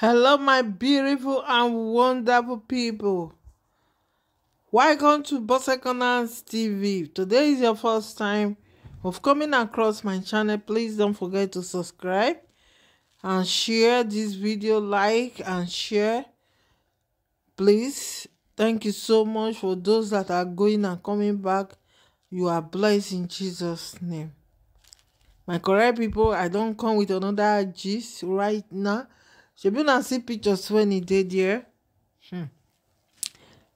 Hello, my beautiful and wonderful people. Welcome to Bosekonans TV. Today is your first time of coming across my channel. Please don't forget to subscribe and share this video. Like and share. Please. Thank you so much for those that are going and coming back. You are blessed in Jesus' name. My correct people, I don't come with another gist right now shebi una see pictures wen e dey there hmm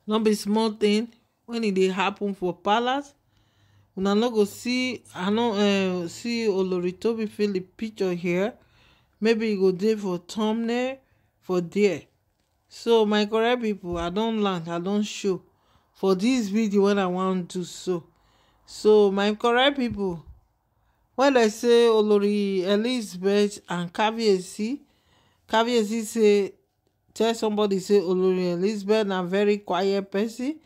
no be small thing wen e dey happen for palace una no go see i no eh, see oloritobi philip picture here maybe e go dey for thumbnail for there so my correct people, i don land i don show for this video wey i wan do so so my correct people, wen i say olori elizabeth and caviarcy Kabiyesi say tell somebody say Olori Elizabeth na very quiet person.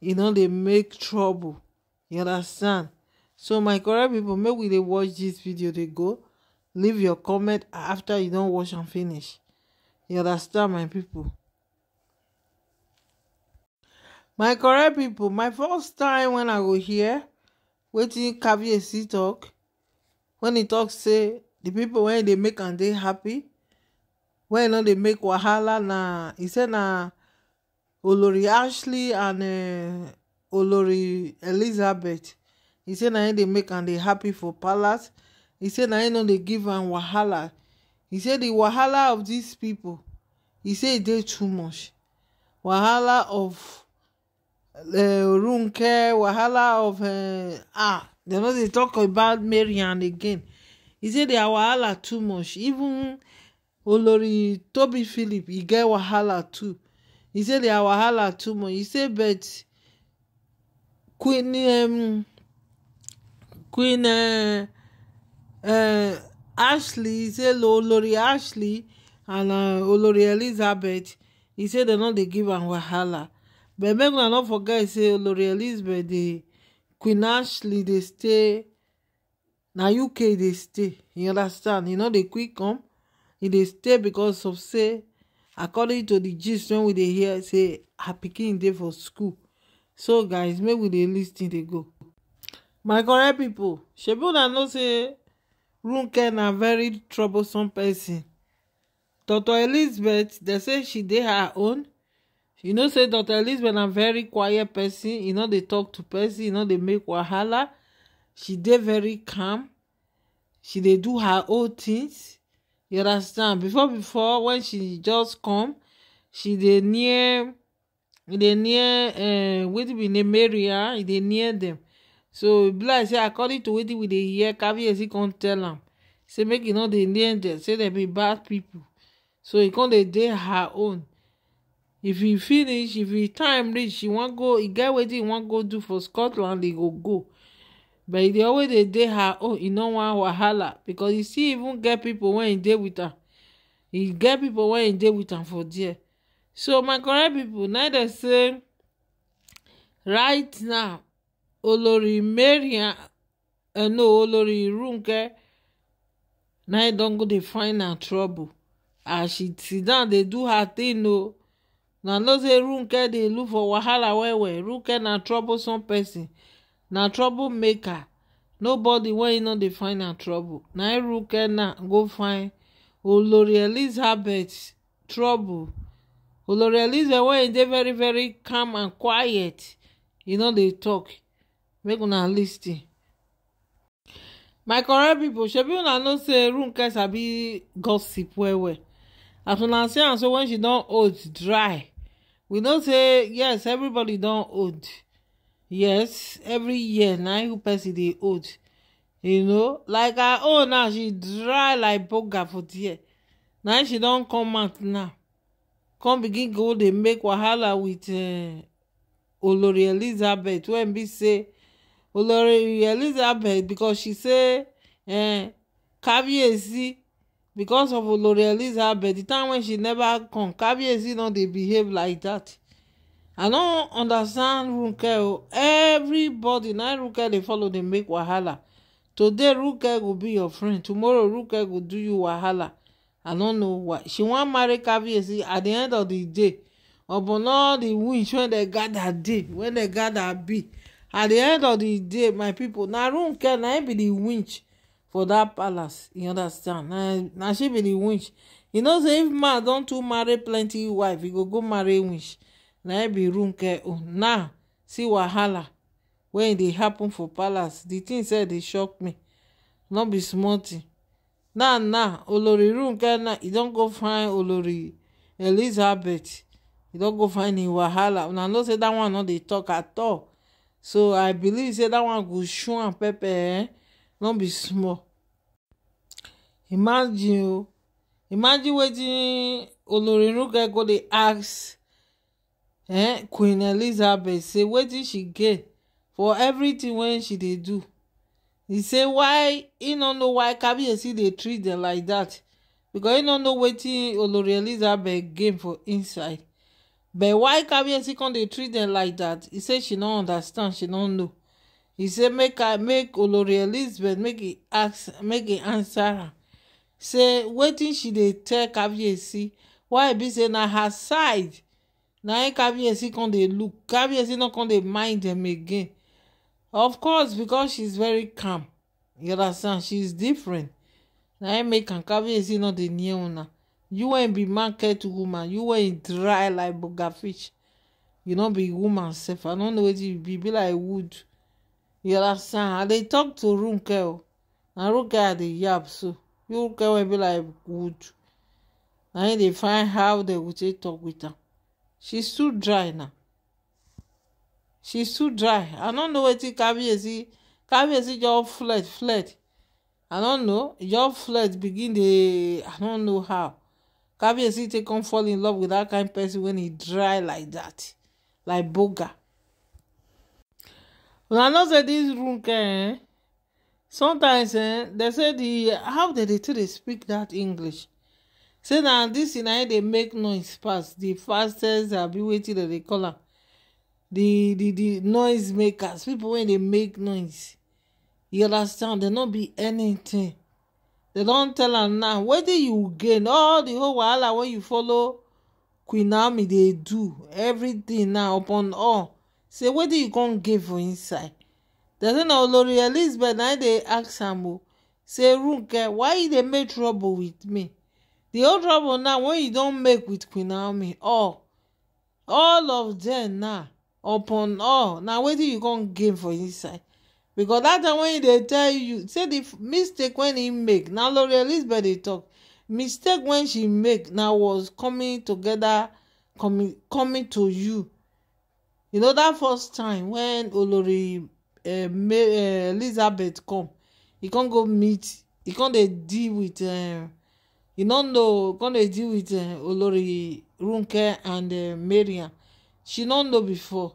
E no dey make trouble. You understand? So my correct people, make we dey watch this video dey go. Leave your comment after you don watch am finish. You understand my people. my correct people, my first time when i go hear wetin caviarcy talk, when he tok say the people wey dey make am dey happy wey no they make wahala na he said, na olori ashley and uh, olori elizabeth He said, na they make and they happy for palace He said, na no they give and wahala He said, the wahala of these people. He said, they too much wahala of uh, eh, care. wahala of uh, ah They know they talk about marian again said they are wahala too much even olori toby philip e get wahala too e say dia wahala too much e say but queen um, queen uh, uh, ashley say olori ashley and uh, olori elizabeth e say dem no dey give am wahala but make una no forget say olori elizabeth dey queen ashley dey stay na uk dey stay you understand e no dey quick come e dey stay because of say according to the gist wey we dey hear say her pikin dey for school so guys make we dey lis ten dey go my correct pipo shebi una know say runke na very troublesome person dr elizabeth dey say she dey her own you know say dr elizabeth na very quiet person e no dey talk to person e no dey make wahala she dey very calm she dey do her own things you understand before before when she just come she dey near e dey near uh, wetin be name maria ah, e dey near dem so e be like say according to wetin we dey hear kabiyesi come tell am say make e no dey near dem say dem be bad people so e come dey dey her own if e finish if e time reach e wan go e get wetin e wan go do for scotland e go go but e dey always dey dey her own oh, e no wan wahala becos e still even get pipo wey e dey with am e get pipo wey e dey with am for there so my correct pipo na dem say right now olori mariam eh, no olori runke na im don go dey find her trouble as she sit down dey do her thing o na know say runke dey look for wahala well well runke na troublesome person na troublemaker nobody wey no dey find am trouble na irukena go find olori elizabeth trouble olori elizabeth wey dey very very calm and quiet You no dey talk make una lis ten. my correct pipo shebi una know say runke sabi gossip well well as una see am so when she don old dry we know say yes everybody don old yes every year na Who person dey hold you know like her own now she dry like boga for there na she don come out now come begin go dey make wahala with uh, olori elizabeth wey be say olori elizabeth because she say uh, kabiyesi because of olori elizabeth the time when she never come kabiyesi no dey behave like that i don't understand runke everybody na runke they follow they make wahala today runke will be your friend tomorrow runke will do you wahala i don't know why she want marry See, at the end of the day upon all the winch wey dem gather dey wey dem gather be at the end of the day my people na runke na him be the winch for that palace you understand na na she be the winch you know say if man don't too marry plenty wife he go go marry winch na ebi be room care own now see wahala wey dey happen for palace di tin sef dey shock me no be small tin now now olori runke now e don go find olori elizabeth e don go find im e wahala una know say dat one no dey talk at all so i believe say dat one go show am pepper eh no be small imagine o imagine wetin olori runke go dey ask um queen elizabeth say wetin she gain for everything wey she dey do e say why e no know why kabiyesi dey treat dem like dat because e no know wetin olori elizabeth gain for inside but why kabiyesi come dey treat dem like dat e say she no understand she no know e say make i make olori elizabeth make e ask make e answer am say wetin she dey tell kabiyesi why e be say na her side na im kabiyesi come dey look be kabiyesi no come dey mind dem again of course because she's very calm you understand she's different na im eh, make am kabiyesi no dey near una you wey be market woman you wey dry like boga fish you no be woman sef i no know wetin you be be like wood you understand i dey talk to runke o oh. na runke i dey yab so runke wey be like wood na im dey find how dem go take talk with am she's too dry now she's too dry i don't know carry wetin Carry kabiyesi your flirt flirt i don't know Your just begin the. i don't know how Carry kabiyesi take come fall in love with that kind person when he dry like that like boga I know that this room can. Eh, sometimes eh they say the how they dey speak that english say na dis thing na im dey make noise pass The fastest abi wetin dem dey call am the the the noise makers People wey dey make noise you understand dem no be anything. dem don tell am now wetin you gain all the whole wahala wey you follow queen naomi dey do everything now upon all say wetin you come gain for inside dem say na olori elizabeth na im dey ask am o say runke why you dey make trouble with me the old trouble now when you don make with queen naomi all oh, all of them now upon all na wetin you come gain for inside because that time when e dey tell you say the mistake when he make na lori elizabeth dey tok mistake when she make na was coming together coming coming to you you know that first time when olori eh, eh, elizabeth come he come go meet he come dey deal with eh, e no know gonna deal with uh, olori runke and uh, Maria. she no know before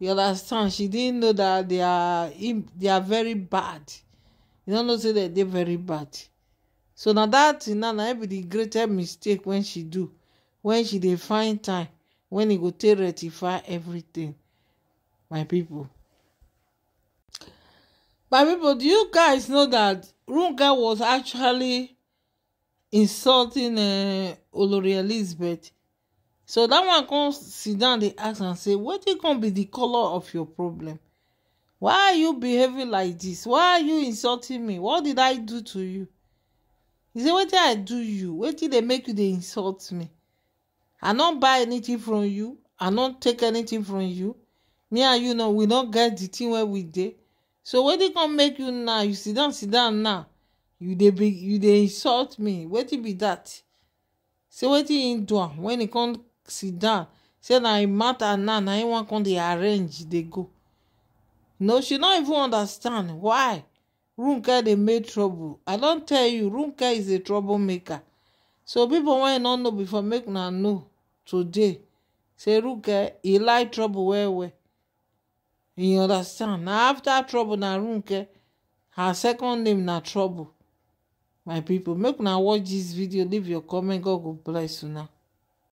you understand she didn't know that they are they are very bad you no know say dem dey very bad so na that thing now na be the greatest mistake wey she do wen she dey find time wen e go take rectify everything my people. my people, do you guys know that runke was actually insulting uh, eh, Olori Elizabeth. So that one come sit down, They ask and say, "What is going to be the color of your problem? Why are you behaving like this? Why are you insulting me? What did I do to you? He said, "What did I do you? What did they make you They insult me? I don't buy anything from you. I don't take anything from you. Me and you know, we no get the thing where we did. So what wetin come make you now? You sit down, sit down now you dey be you dey insult me wetin be dat say wetin him do am wen e come sit down say na him matter now na him wan come dey arrange dey go no she no even understand why runke dey make trouble i don tell you runke is a troublemaker so people wey no know before make una know today say runke he like trouble well well you understand na after trouble na runke her second name na trouble my people, make una watch this video leave your comment god go bless una